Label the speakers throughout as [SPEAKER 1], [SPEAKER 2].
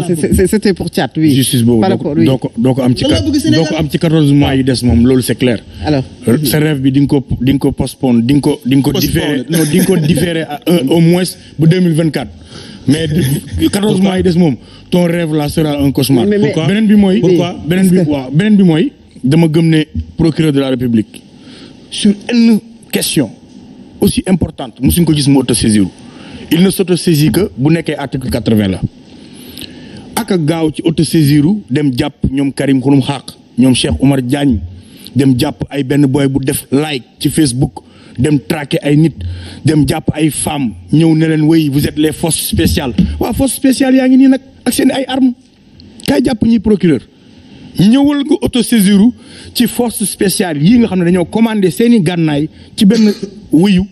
[SPEAKER 1] non c'était pour Thiat oui. justice boobu doo ko doo ko am ci doo des moom loolu c'est clair. sa rêve bi di nga ko di nga ko postpone di di nga ko. différé non ko différé à un au moins bu deux mille vingt quatre. mais quatorze mois des moom ton rêve la sera un cauchemar. beneen bi mooy. pourquoi bi waaw beneen bi mooy. dama gëm ne procureur de la République sur une question aussi importante mosuñ ko gis mu auto saisir il ne s'auto saisit que bu nekkee article la. aka gaaw ci auto autosaisiru dem jàpp ñoom Karim Xurum Xaq ñoom Cheikh Oumar Diagne dem jàpp ay benn booy bu def like ci Facebook dem traquer ay nit dem jàpp ay femmes ñëw ne leen wéy vous êtes les forces spéciale waaw force spéciale yaa ngi nii nag ak seen ay arm kay jàpp ñi procureur ñëwal nga autosaisiru ci force spéciale yii nga xam ne dañoo commandé seeni gànnaay ci benn wéyu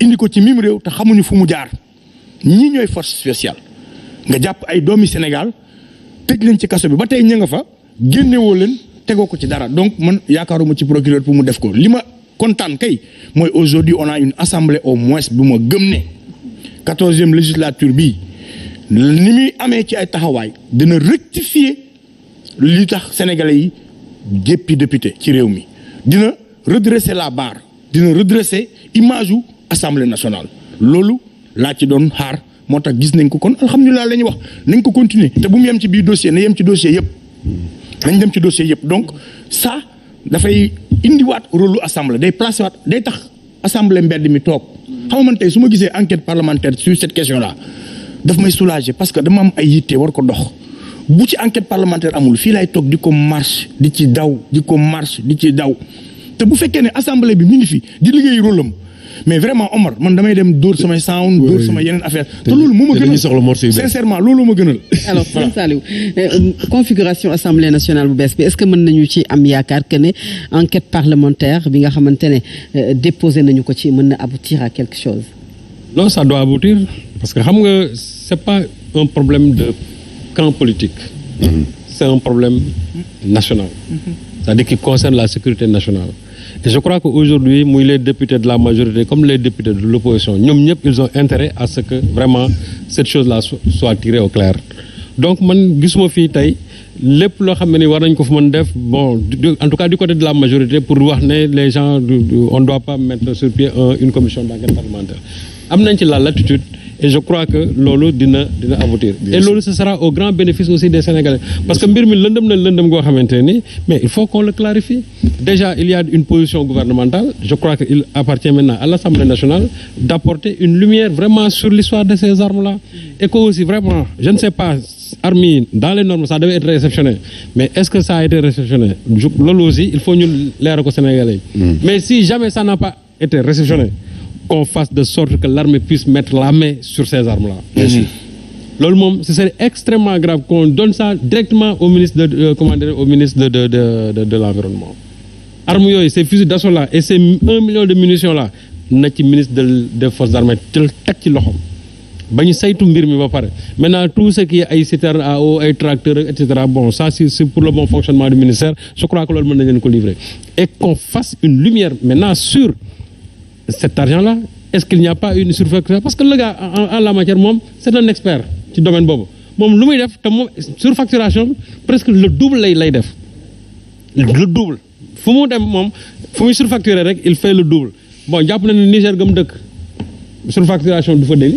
[SPEAKER 1] indi ko ci mim réew te xamuñu fu mu jaar ñi ñooy force spéciale nga jàpp ay doomi Sénégal tëj leen ci kaso bi ba tey ña nga fa génnewoo leen tegoo ko ci dara donc man yaakaaruma ci procureur pour mu def ko li ma kontaan kay mooy aujourd'hui on a une assemblée au moins bi ma gëm ne quatorzième législature bii ni muy amee ci ay taxawaay dina rectifier li tax sénégalais yi jéppi député ci réew mi dina redresser la barre dina redresser image u assemblée nationale loolu laa ci doon xaar moo tax gis nañ ko kon alhamdulilah la ñuy wax nañ ko continuer te bu mu yem ci biir dossier na yem ci dossier yëpp nañ dem ci dossier yëpp donc ça dafay indiwaat rôle lu assemblée day placé waat day tax assemblée mbedd mi toog xam man tey su ma gisee enquête parlementaire sur cette question la daf may soulager parce que dama am ay yitte war ko dox bu ci enquête parlementaire amul fii laay toog di ko marche di ci daw di ko marche di ci daw te bu fekkee ne assemblée bi mi fi di liggéey rôle mais vraiment Omar man
[SPEAKER 2] damay dem dóor samay sound
[SPEAKER 1] dóor sama yeneen affaire te loolu moom ma gënal sincèrement loolu ma gënal alors
[SPEAKER 2] sëñ Saliou euh, configuration assemblée nationale bu bees bi est-ce que mën nañu ci am yaakaar que ne enquête parlementaire bi nga xamante ne euh, déposé nañu ko ci mën na aboutir à quelque chose
[SPEAKER 3] non ça doit aboutir parce que xam nga c'est pas un problème de camp politique mm-hmm. c'est un problème national mm-hmm. c'est-à-dire qui concerne la sécurité nationale Et je crois qu'aujourd'hui, les députés de la majorité comme les députés de l'opposition, ils ont intérêt à ce que vraiment cette chose-là soit tirée au clair. Donc, man, gismo fi tay lepp lo xamné war nañ ko fu def bon en tout cas du côté de la majorité pour wax ne les gens on ne doit pas mettre sur pied une commission d'enquête parlementaire am nañ ci la latitude et je crois que loolu dina dina aboutir et loolu ce sera au grand bénéfice aussi des Sénégalais parce que mbir mi lëndëm na lëndëm goo xamante ne nii mais il faut qu'on le clarifie déjà il y a une position gouvernementale je crois que il appartient maintenant à l'Assemblée nationale d'apporter une lumière vraiment sur l'histoire de ces armes-là et que aussi vraiment je ne sais pas armes dans les normes ça devait être réceptionné mais est-ce que ça a été réceptionné loolu aussi il qu'on fasse de sorte que l'armée puisse mettre la main sur ces armes-là. Bien mhm. sûr. loolu moom ce serait extrêmement grave qu'on donne ça directement au ministre de euh, comment dire au ministre de l'environnement armes yooyu ces fusils d'assaut et ces un million de munitions là na ci ministre de des forces armées tël ci loxoom ba ñu saytu mbir mi ba pare maintenant tout ce qui est ay citernes à eau ay tracteurs et bon ça c'est pour le bon fonctionnement du ministère je crois que loolu mën nañ leen cet argent la est-ce qu'il n'y a pas une surfacturation parce que le gars en, la matière moom c'est un expert ci domaine boobu moom lu muy def te moom surfacturation presque le double lay lay def le double fu mu dem moom fu muy surfacturer rek il fait le double bon jàpp na ne Niger mu dëkk surfacturation du fa dégg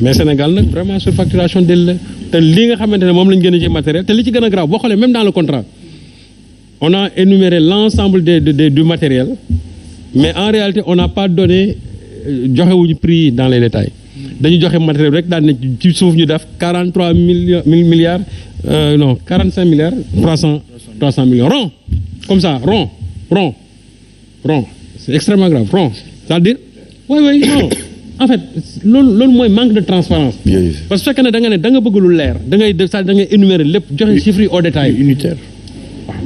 [SPEAKER 3] mais Sénégal nag vraiment surfacturation dégg la te li nga xamante ne moom lañ gën a ci matériel te li ci gën a grave boo xoolee même dans le contrat on a énuméré l'ensemble des des matériel mais en réalité on n'a pas donné euh, joxewuñu prix yi dans les détails dañu joxe matériel rek daan ne ci suuf ñu def 43 millions milliards euh, non 45 milliards 300 300 millions rond comme ça rond rond rond c'est extrêmement grave rond c'est-à-dire oui oui non en fait loolu loolu mooy manque de transparence parce que fekkee ne da nga ne da nga bëgg lu leer da ngay da ngay énumérer lépp joxe chiffres yi au détail unitaire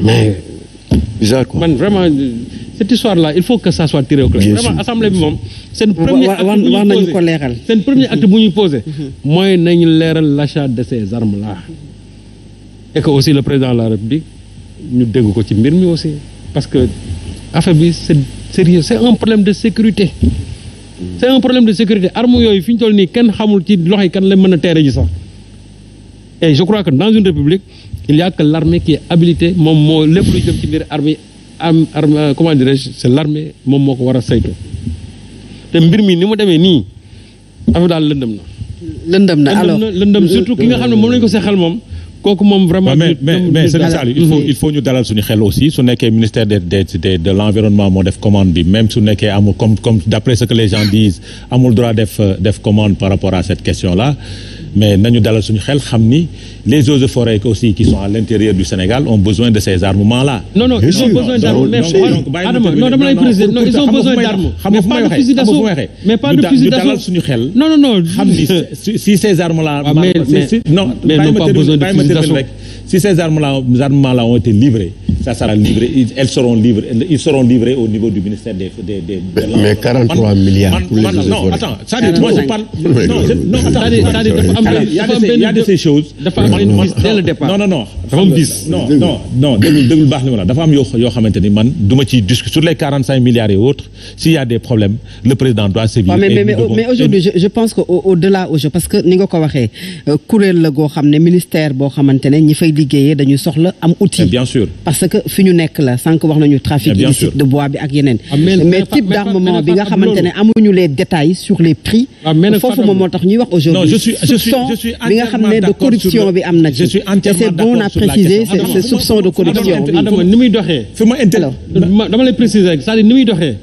[SPEAKER 3] mais bizarre quoi man vraiment cette histoire là il faut que ça soit tiré au clair. vraiment assemblée bi moom. seen premier acte ko leeral. seen premier acte bu ñuy posé. Mhm. mooy nañu leeral l'achat de ces armes là. et que aussi le président de la République ñu dégg ko ci mbir mi aussi parce que affaire bi c'est sérieux c'est un problème de sécurité. c'est un problème de sécurité armes yooyu fi ñu toll nii kenn xamul ci loxo yi kan lañ mën a teere ji sax. et je crois que dans une république. il y a que l'armée qui moom moo lépp lu jëm ci biir armée am armée euh, comment dirais moom moo ko war a saytu te mbir mi ni mu demee nii affaire daal lëndëm na.
[SPEAKER 2] lëndëm na alors lëndëm surtout ki nga xam ne moom lañu ko seexal
[SPEAKER 3] moom. kooku moom mais mais mm-hmm.
[SPEAKER 4] ñu dalal suñu xel aussi su nekkee ministère des des de l'environnement moo def commande bi même su nekkee amul comme comme d'après ce que les gens disent amul droit def euh, def commande par rapport à cette question la mais nañu dalal suñu xel xam ni les eaux et forêts aussi qui sont à l'intérieur du Sénégal ont besoin de ces armements là. non non ils ont besoin d'armes non non ils ont besoin d'armes mais ñu xel. non
[SPEAKER 3] non non xam ni
[SPEAKER 4] si ces armes là. Ah, non mais non pas besoin de fusil d'assaut si ces armes là ont été livrés. ça sera livré elles seront livrées ils seront livrés au niveau du ministère des des des. mais 43 milliards pour les eaux et forêts non attends c'est-à-dire moi je parle. non non attends c'est-à-dire dafa am dafa am benn dafa am benn dès le départ non non non. dafa am bis non non baax li ma la dafa am yoo xamante ni man du ma ciy sur les milliards et autres s'il y a des problèmes le président doit sévir. mais mais mais aujourd'hui
[SPEAKER 2] je pense que au delà aujourd'hui parce que ni nga ko waxee euh, kuréel la goo xam ne ministère boo xamante ne ñi fay liggéeyee dañuy soxla am outil. parce que fi ñu nekk la sànq wax nañu trafic illicite de bois bi ak yeneen. Ah, mais type d'armement bi nga xamante ne amuñu les détails sur les préciser ces soupçons de corruption. Adama ni muy doxee. fi ma
[SPEAKER 3] dama lay préciser rek cest à muy doxee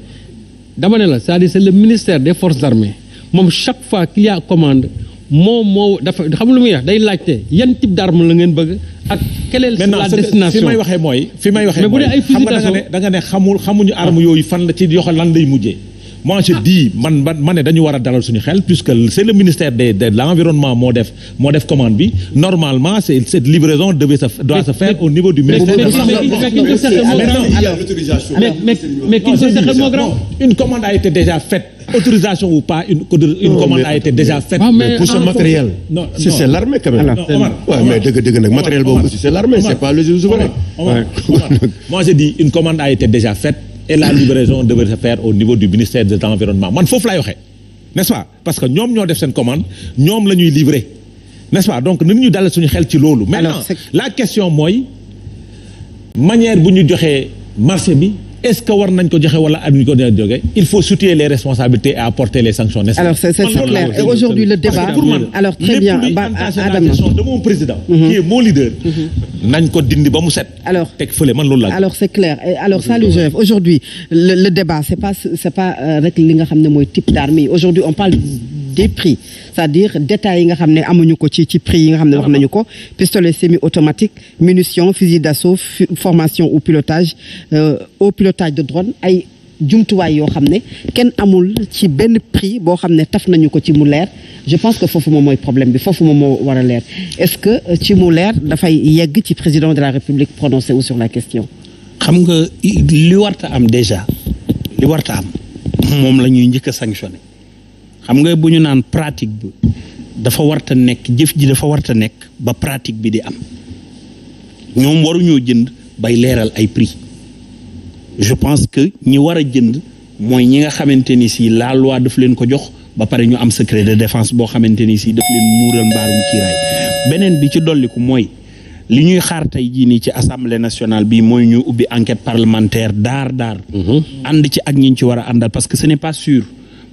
[SPEAKER 3] dama ne la c'est-à-dire ministère des forces armées moom chaque fois qu'il y a commande moom moo dafa xam lu mu wax day laajte yan type d'arme la ngeen bëgg ak quelle est la destination fi may waxee mooy fi may waxee mooy xam nga da nga
[SPEAKER 4] ne xamul xamuñu arme yooyu fan la ci yoxo lan lay mujjee moi je ah. dis man man ma ne dañu a dalal suñu xel puisque c' est le ministère de l' environnement moo def moo def commande bi normalement c' est cette livraison devait se doit se faire au niveau du ministère. Ah, mais mais mais ah, une commande a été déjà faite autorisation ou pas une commande a été déjà faite. mais pour ce matériel. non non si mais dëgg dëgg nag matériel boobu aussi c' est l' armée c' est pas le souverain. moi je dis une commande a été déjà faite. et la livraison devait se faire au niveau du ministère de l'environnement man foofu laay waxee n'est-ce parce que ñoom ñoo def seen commande ñoom la ñuy livrer n'est-ce pas donc nit ñu dalal suñu xel ci loolu maintenant la question mooy manière bu ñu joxee marché bi est-ce que war nañ ko joxe wala am ñu ko doon joxe il faut soutenir les responsabilités et apporter les sanctions nécessaires. alors c'est clair et aujourd'hui le débat parce mhm. mhm. ko dindi ba mu set. alors teg fële man loolu la. alors
[SPEAKER 2] c'est clair et alors Saliou Joseph aujourd'hui le le débat c'est pas c'est euh, rek li nga xam ne mooy type d'armée aujourd'hui on parle des prix. c'est-à-dire détails yi nga xam ne amuñu ko ci ci prix yi nga xam ne wax nañu ko pistolet semi-automatique munition fusil d'assaut formation au pilotage euh, au pilotage de drone ay jumtuwaay yoo xam ne kenn amul ci benn prix boo xam ne taf nañu ko ci mu leer je pense que foofu moom mooy problème bi foofu moom moo war a leer est-ce que euh, ci mu leer dafay yegg ci président de la République prononcé wu sur la question. xam nga li warta am déjà li warta am moom la ñuy njëkk a sanctionné
[SPEAKER 5] xam nga bu ñu naan pratique bi dafa warta nekk jëf ji dafa warta nekk ba pratique bi di am ñoom waruñoo jënd bay leeral ay prix je pense que ñi war a jënd mooy ñi nga xamante ni si la loi daf leen ko jox ba pare ñu am secret de défense boo xamante ni si daf leen muural mbaarum kiiraay beneen bi ci dolliku mooy li ñuy xaar tey jii nii ci assemblée nationale bi mooy ñu ubbi enquête parlementaire daar daar mhm. ànd ci ak ñi ñu ci war a àndal parce que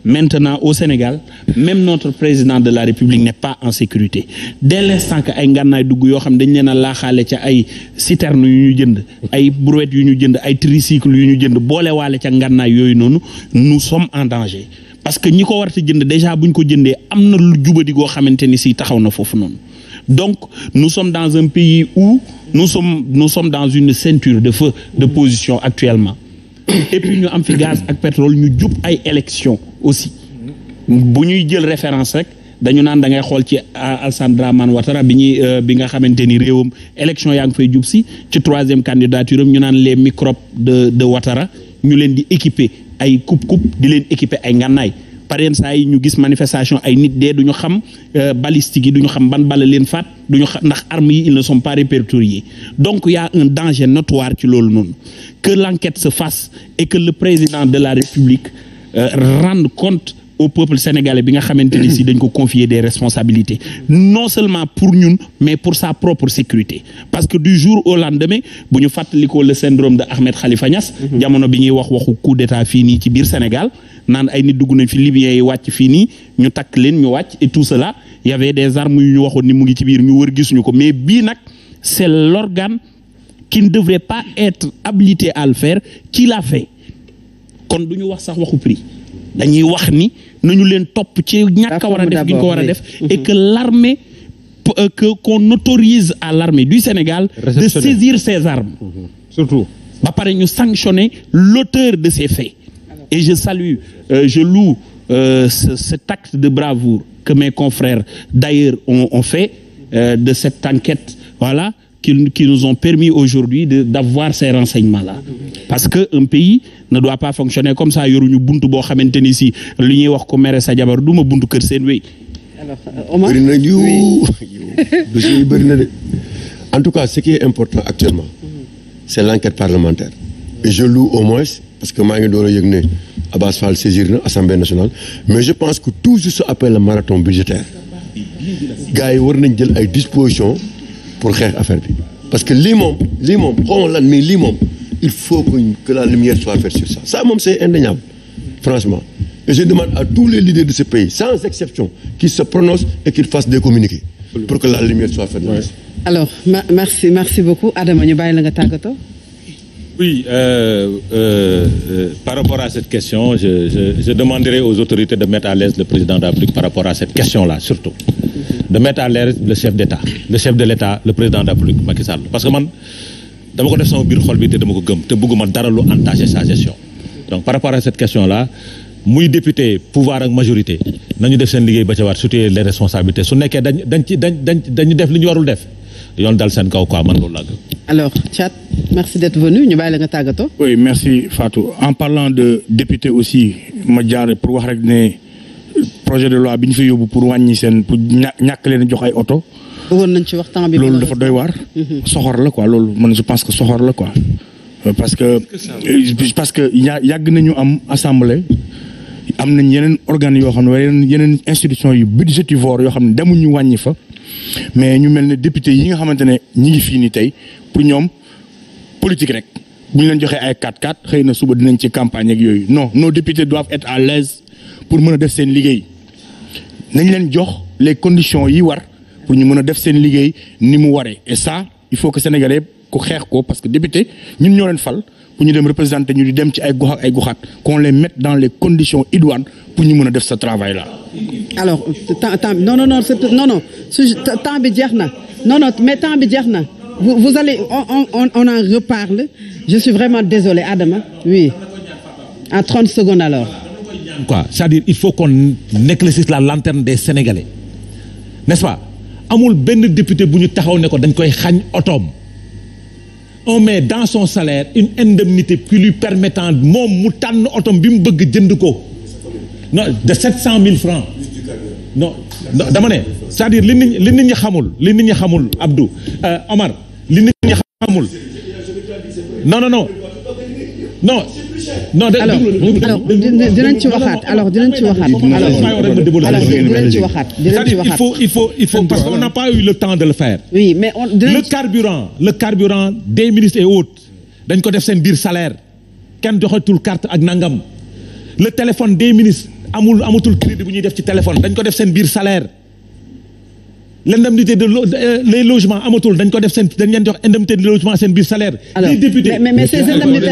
[SPEAKER 5] maintenant au Sénégal même notre président de la République n'est pas en sécurité dès l'instant que ay ngannaay dugg yoo xam dañ leen a laaxaale ca ay citernes yu ñu jënd ay brouettes yu ñu jënd ay tricycles yu ñu jënd boolewaale ca ngànnaay yooyu noonu nous sommes en danger parce que ñi ko war a jënd déjà buñ ko jëndee am na lu jubadi xamante ni si taxaw na foofu noonu donc nous sommes dans un pays où nous sommes nous sommes dans une ceinture de feu de position actuellement et ñu am fi gaz ak pétrole ñu jub ay élection aussi bu ñuy jël référence rek dañu naan da ngay xool ci Alassane Dramane Ouattara bi ñuy euh, bi nga xamante ni réewam élection yaa ngi fay jub si ci troisième candidature am ñu naan les microbes de de Ouattara ñu leen di équiper ay coupe coupe di leen équiper ay ngànnaay par yenn saa yi ñu gis manifestation ay nit dee du ñu xam euh, balistique yi du ñu xam ban bala leen faat du ñu xam ndax armes yi ils ne sont pas répertoriés donc il y a un danger notoire ci loolu noonu que l'enquête se fasse et que le président de la République euh, rende compte au peuple sénégalais bi nga xamante ni si dañ ko confier des responsabilités non seulement pour ñun mais pour sa propre sécurité parce que du jour au lendemain bu ñu fàttalikoo le syndrome de Ahmed Khalifa Niass mhm. jamono bi ñuy wax waxu coup fii nii ci biir Sénégal naan ay ni dugg nañ fi libyens yi wàcc fii nii ñu takk leen ñu wàcc et tout cela y des armes yu ñu waxoon ni mu ngi ci biir ñu wër gisuñu ko mais bii nag c'est l'organe qui ne devrait pas être habilité alfaire ci l'a fait kon du ñu wax sax waxu prix dañuy wax ni nañu leen topp ci ñàkk a war def gi ko war a def et que l'armée euh, que qu'on à l'armée du Sénégal de saisir ses armes mm-hmm. surtout ba pare ñu sanctionner l'auteur de ces faits Et je salue, euh, je loue euh, cet acte de bravoure que mes confrères d'ailleurs ont, ont, fait euh, de cette enquête, voilà, qui, qui nous ont permis aujourd'hui d'avoir ces renseignements-là. Parce qu'un pays ne doit pas fonctionner comme ça. yoruñu buntu boo xamante ni si li ñuy wax ko sa jabar du ma
[SPEAKER 1] buntu kër seen wéy. alors euh, en tout cas ce qui est important actuellement. Mhm. c'est l'enquête parlementaire. je loue au moins parce que maa ngi door a yëg ne Abass Fall nationale mais je pense que tout juste après le marathon budgétaire gars yi war nañ jël ay dispositions pour xeex affaire bi parce que lii moom lii moom xaw lan mais lii moom il faut que la lumière soit faite sur ça ça moom c'est indéniable franchement et je demande à tous les leaders de ce pays sans exception qu'ils se prononcent et qu'ils fassent des communiqués pour que la lumière soit faite.
[SPEAKER 2] alors merci merci beaucoup Adama ñu bàyyi la nga tàggatoo.
[SPEAKER 1] Oui, euh,
[SPEAKER 4] euh, euh, par rapport à cette question, je, demanderai aux autorités de mettre à l'aise le président d'Afrique par rapport à cette question-là, surtout. De mettre à l'aise le chef d'État, le chef de l'État, le président d'Afrique, Macky Sall. Parce que man, dama ko def sama biir xol bi te dama ko gëm te bëgguma dara lu entaché sa gestion. Donc par rapport à cette question-là, muy député pouvoir ak majorité ñu def seen liggéey ba ca war surtout les responsabilités su nekkee dañ dañ ci dañ dañ dañu def li ñu warul def yoon
[SPEAKER 1] dal seen kaw quoi man loolu
[SPEAKER 2] alors Thiat merci d'être venu ñu baay la nga tàggatoo.
[SPEAKER 1] ooy merci Fatou en parlant de député aussi ma jaar pour wax rek ne projet de loi bi ñu fi yóbbu pour wàññi seen pour ñàkk leen jox ay oto. bëggoon nañ ci waxtaan bi. loolu dafa doy waar. Mhm. soxor la ko loolu mën man je pense que soxor la ko euh, parce que
[SPEAKER 2] euh,
[SPEAKER 1] parce que yàgg nañu am assemblée am nañ yeneen organes yoo xam ne yeneen yeneen institutions yu budgétivores yoo xam ne ñu wàññi fa. mais ñu mel ne député yi nga xamante ne ñi ngi fii nii tey pour ñoom politique rek bu ñu leen joxe ay 4-4 xëy na suba dinañ ci campagne ak yooyu non nos députés doivent être à l'aise pour mën a def seen liggéey nañ leen jox les conditions yi war pour ñu mën a def seen liggéey ni mu waree et ça il faut que sénégalais ku xeex ko parce que député ñun ñoo leen fal. pour ñu dem représenter ñu di dem ci ay gox ak ay goxaat qu'on les mette dans les conditions idoines pour ñu mën a def ce travail là.
[SPEAKER 2] alors temps temps non non non non non temps bi jeex na non non mais temps bi jeex na vous vous allez on on on en reparle je suis vraiment désolé Adama oui à trente secondes alors.
[SPEAKER 4] quoi c'est-à-dire il faut qu'on éclaircisse la lanterne des Sénégalais n'est-ce pas amul benn député bu ñu taxaw ne ko dañ koy xañ otoom. on met dans son salaire une indemnité qui lui permettant moom mu tànn otom bi mu bëgg jënd ko non de sept cent mille francs non dama ne cest dire li nit li nit ñi xamul li nit ñi xamul Abdou euh, Omar li nit ñi xamul non non non non non dinañ ci waxaat alors dinañ ci waxaat. alors dinañ ci waxaat. dinañ parce qu'on n'a pas eu le temps de le faire.
[SPEAKER 2] le
[SPEAKER 4] carburant le carburant des ministres et autres dañ ko def seen biir salaire kenn joxatul carte ak nangam le téléphone des ministres amul amatul crédit bu ñuy def ci téléphone dañ ko def seen biir salaire. l'indemnité de lo euh, les logements amatul dañ ko def seen de logement seen biir salaire. mais mais, mais ces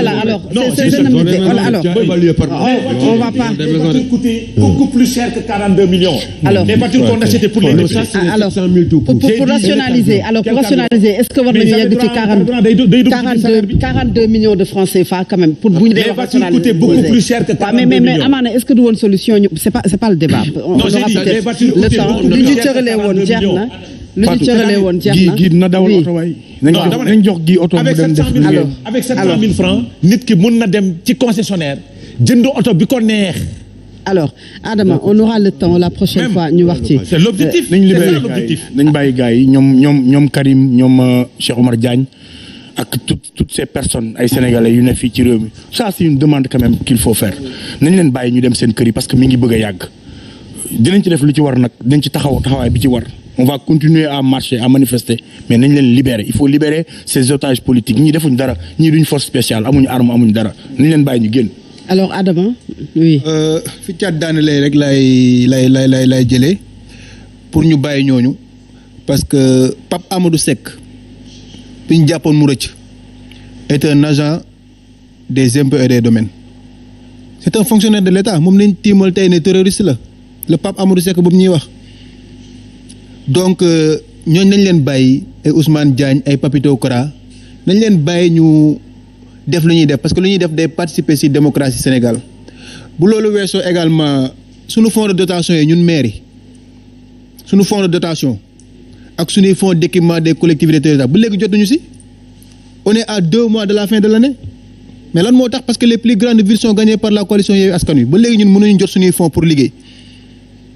[SPEAKER 4] là alors. non ces
[SPEAKER 2] indemnités euh.
[SPEAKER 1] beaucoup plus cher que millions. alors
[SPEAKER 2] pour rationaliser est-ce que war millions de francs CFA quand même pour bu ñu. les voitures coûtaient beaucoup plus cher que 42 millions. mais mais amaana est-ce que du woon solution ñu c'est pas c'est pas le débat. on le temps li ñu cëralee woon jeex na. na. lu ñu cëralee woon jeex na gi na
[SPEAKER 1] dawal oto waay.
[SPEAKER 4] nañ jox gi oto mu dem def alors avec 700000 francs nit na dem
[SPEAKER 1] ci concessionnaire jënd oto bi ko neex.
[SPEAKER 2] alors Adama on aura le temps la prochaine fois ñu wax ci. c'est l'objectif nañ
[SPEAKER 1] bàyyi gars yi ñoom ñoom ñoom Karim ñoom euh, Cheikh Omar jaañ ak toutes toutes ces personnes ay sénégalais yu ne fii ci réew mi ça c'est une demande quand même qu'il faut faire nañ leen bàyyi ñu dem seen kër yi parce que mi ngi bëgg a yàgg dinañ ci def lu ci war nag dañ ci taxaw taxawaay bi ci war. on va continuer à marché a manifester mais nañ leen libérer il faut libérer ces otages politiques ñii defuñ dara ñii duñ force spéciale amuñu arme amuñ dara nañ leen bàyyi ñu génn.
[SPEAKER 6] alors Adama oui. Euh, fi caat daanalee rek lay lay lay lay lay jëlee pour ñu bàyyi ñooñu parce que pap Amadou Seck bi ñu jàppoon mu rëcc est un agent des impôts et des domaines c'est un fonctionnaire de l'État moom lañ tiimal tey ne terroriste la le Pape Amadou Seck boobu ñuy wax. donc euh, ñooñ nañ leen bàyyi ay Ousmane Diagne ay Papito Kora nañ leen bàyyi ñu def lu ñuy def parce que lu ñuy def day participer ci démocratie Sénégal bu loolu weesoo également suñu fonds de dotation yi ñun mairie suñu fonds de dotation ak suñuy fonds d'équipement des collectivités territoriales bu léegi jotuñu ci on est à deux mois de la fin de l'année mais lan moo tax parce que les plus grandes villes sont gagnées par la coalition Yewwi Askan ba léegi ñun mënuñu jot suñuy fonds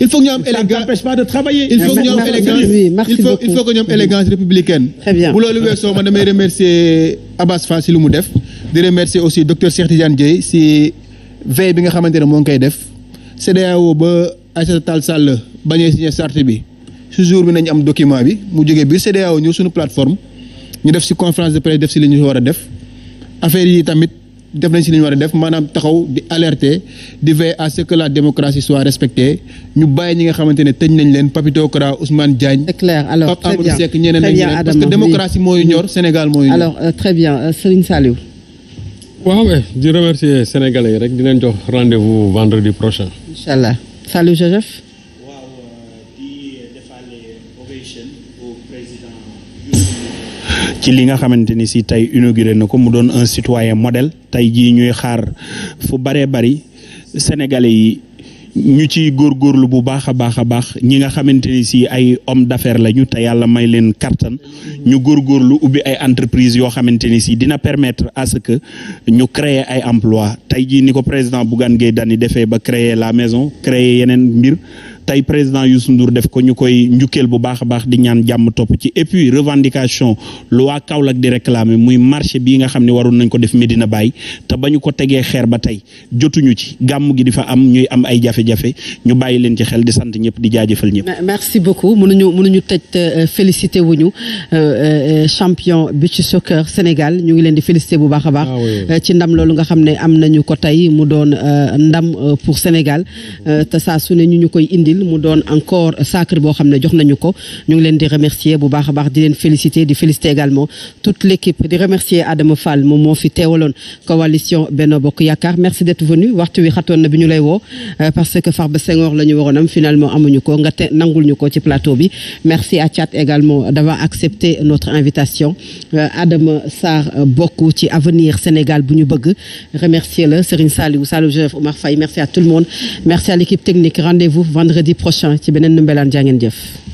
[SPEAKER 6] il faut que ñu am élégance ça n'empêche pas de travailler. il faut que ñu am élégance il faut il républicaine. bu loolu weesoo man damay remercier Abbas Fall lu mu def. di remercier aussi docteur Cheikh Tidiane Dieye si veille bi nga xamante ne moo ngi koy def. CEDEAO ba Aïssata Tall Sall bañee signé charte bi si jour bi nañu am document bi mu jógee bi CEDEAO ñëw suñu plateforme ñu def si conférence de presse def si li ñu war a def affaire yi tamit. def nañ si li ñu war a def maanaam taxaw di alerter di veiller à ce que la soit respectée ñu bàyyi ñi nga xamante ne tëj nañ leen Papito Kara Ousmane Diagne.
[SPEAKER 2] c'est clair alors très bien Pape Amadou Seck ñeneen nañ leen parce que démocratie
[SPEAKER 6] moo ñu ñor Sénégal moo ñu ñor. alors
[SPEAKER 2] très bien Serigne Saliou.
[SPEAKER 3] waaw di remercier Sénégalais yi rek di leen jox rendez-vous vendredi prochain.
[SPEAKER 2] incha
[SPEAKER 5] ci li nga xamante ni si tey inauguré na ko mu doon un citoyen modèle tey jii ñuy xaar fu baree bari sénégalais yi ñu ci góorgóorlu bu baax a baax a baax ñi nga xamante ni si ay homme d'affaires lañu te yàlla may leen kattan ñu góorgóorlu ubbi ay entreprise yoo xamante ni si dina permettre à que ñu créer ay emploi tey jii ni ko président Bougane gee Dany defee ba créer la maison créer yeneen mbir tey président Youssou Ndour def ko ñu koy njukkeel bu baax a baax di ñaan jàmm topp ci et puis revendication lu waa Kaolack di réclamer muy marché bii nga xam ne waroon nañ ko def Medina Baye te ba ñu ko tegee xeer ba tey jotuñu ci gàmm gi di fa am ñuy am ay jafe-jafe ñu bàyyi leen ci xel di sant ñëpp di jaajëfal ñëpp.
[SPEAKER 2] merci beaucoup mënuñu mënuñu tëj euh, félicité wuñu euh, euh, champion bi ci soccer Sénégal ñu ngi leen di félicité bu baax a baax. Ah ci ndam loolu nga xam ne am nañu ko tey mu doon ndam pour Sénégal mm-hmm. Lille mu doon encore sacre boo xam ne jox nañu ko ñu ngi leen di remercier bu baax a baax di leen féliciter di féliciter également toute l'équipe di remercier Adama Fall moom moo fi teewaloon coalition Benno Bokk Yaakaar merci d'être venu waxtu wi xatoon na bi ñu lay woo euh, parce que Farba Senghor la ñu waroon finalement amuñu ko nga te nangul ñu ko ci plateau bi merci à Thiat également d'avoir accepté notre invitation euh, Adama Sarr bokk ci avenir Sénégal bu ñu bëgg remercier la Serigne Saliou Saliou Joseph Oumar jeudi prochain ci beneen Ndoumbelane jaa ngeen jëf.